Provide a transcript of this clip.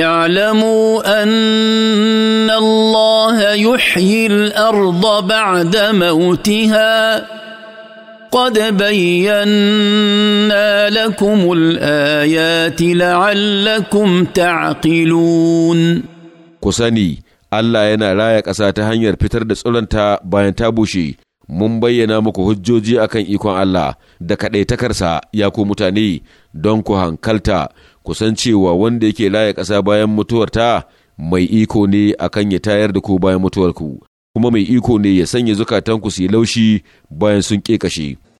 اعلموا ان الله يحيي الارض بعد موتها قد بينا لكم الايات لعلكم ku sani Allah yana raya ƙasa ta hanyar fitar da tsuranta bayan ta bushe, mun bayyana muku hujjoji akan ikon Allah da kaɗaitakarsa ya ku mutane don ku hankalta kusan cewa wanda yake laye ƙasa bayan mutuwarta mai iko ne akan ya tayar da ku bayan mutuwar ku kuma mai iko ne ya sanya zukatanku su yi laushi bayan sun ƙeƙashe.